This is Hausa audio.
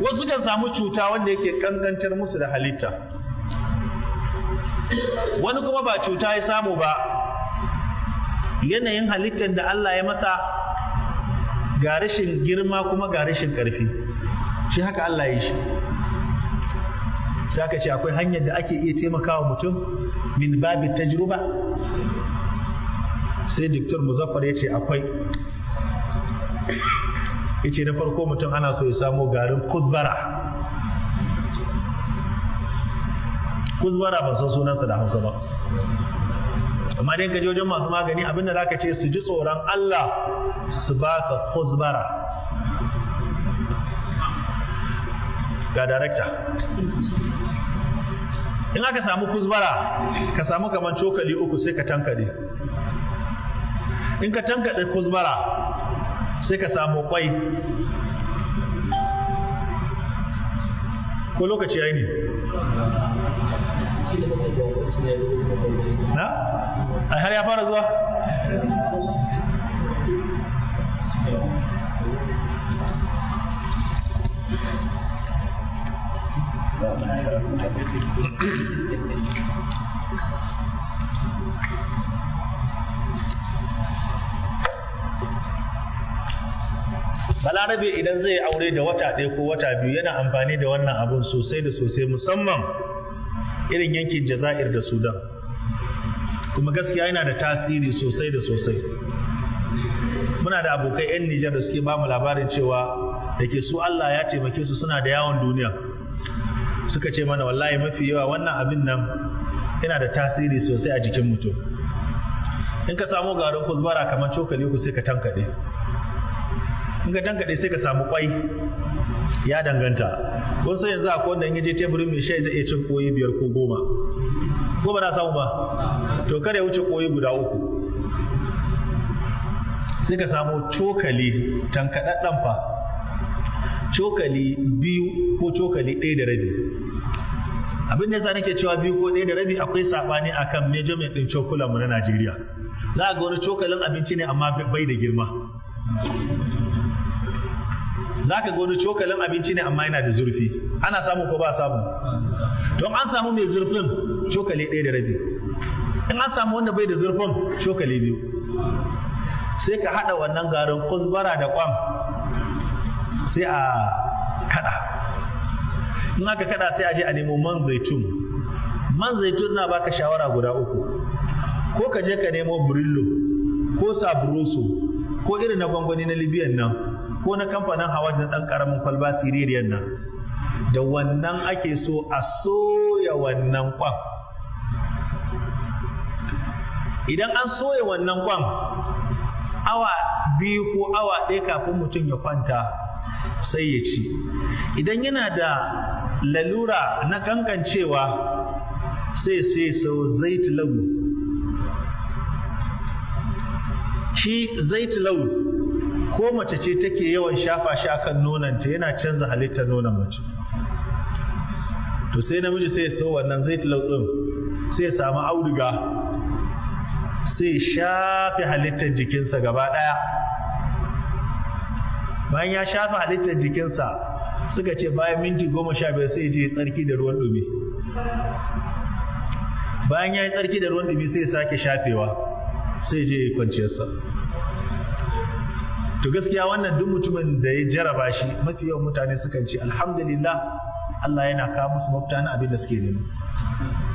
wasu kan samu cuta wanda yake kankantar musu da halitta wani kuma ba cuta ya samu ba yanayin halittar da Allah ya masa ga rashin girma kuma ga rashin ƙarfi shi haka Allah ya shi aka ce akwai hanyar da ake iya taimakawa mutum min babi tajruba sai diktar muzaffar ya ce akwai yace na farko mutum ana so ya samo garin kuzbara kuzbara ba san sunansa da Hausa ba amma dai kaje wajen masu magani abin da zaka ce su ji tsoron Allah su baka kuzbara ga director in aka samu kuzbara ka samu kamar cokali uku sai ka tankade in ka tankade kuzbara sai ka samu kwai ko lokaci ya yi ne na? a har ya fara zuwa? balarabe idan zai aure da wata ɗaya ko wata biyu yana amfani da wannan abun sosai da sosai musamman irin yankin jaza'ir da sudan kuma gaskiya yana da tasiri sosai da sosai muna da abokai 'yan nijar da suke bamu labarin cewa da ke su allah ya taimake su suna da yawon duniya suka ce mana wallahi mafi yawa wannan abin nan yana da tasiri sosai a jikin mutum in ka samu garin kuzbara kamar cokali ku sai ka tankaɗe dan dangade sai ka samu kwai ya danganta wasu yanzu a wanda in je teburin mai shai zai iya cin koyi biyar ko goma ko ba na samu ba to kada ya wuce koyi guda uku sai ka samu cokali tankaɗaɗɗen fa cokali biyu ko cokali ɗaya da rabi abin da yasa nake cewa biyu ko ɗaya da rabi akwai saɓani akan measurement ɗin mu na Najeriya za a ga wani cokalin abinci ne amma bai da girma za ka ga cokalin abinci ne amma yana da zurfi ana samu ko ba samu don an samu mai zurfin cokali ɗaya da rabi in an samu wanda bai da zurfin cokali biyu sai ka haɗa wannan garin kusbara da kwam sai a kada in aka kada sai a je a nemo man zaitun man zaitun na baka shawara guda uku ko ka je ka nemo brillo ko sabroso ko irin na gwangwani na libyan nan ko na kamfanin hawajin ɗan ƙaramin kwalba siririyan nan da wannan ake so a soya wannan kwan idan an soya wannan kwan awa biyu ko awa ɗaya kafin mutum ya kwanta sai ya ci idan yana da lalura na kankancewa sai sai sau zai lauz shi zait laus ko mace ce take yawan shafa shi akan nonanta yana canza halittar nonan mace to sai namiji sai ya so wannan zait laus din sai ya samu auduga sai shafe halittar jikinsa gaba daya bayan ya shafe halittar jikinsa suka ce bayan minti goma sha biyar sai je tsarki da ruwan dumi bayan ya yi tsarki da ruwan dumi sai ya sake shafewa sai je yi kwanciyarsa to gaskiya wannan duk mutumin da ya jaraba shi mafi yawan mutane sukan ce alhamdulillah Allah yana kawo musu mafita na abin da suke nema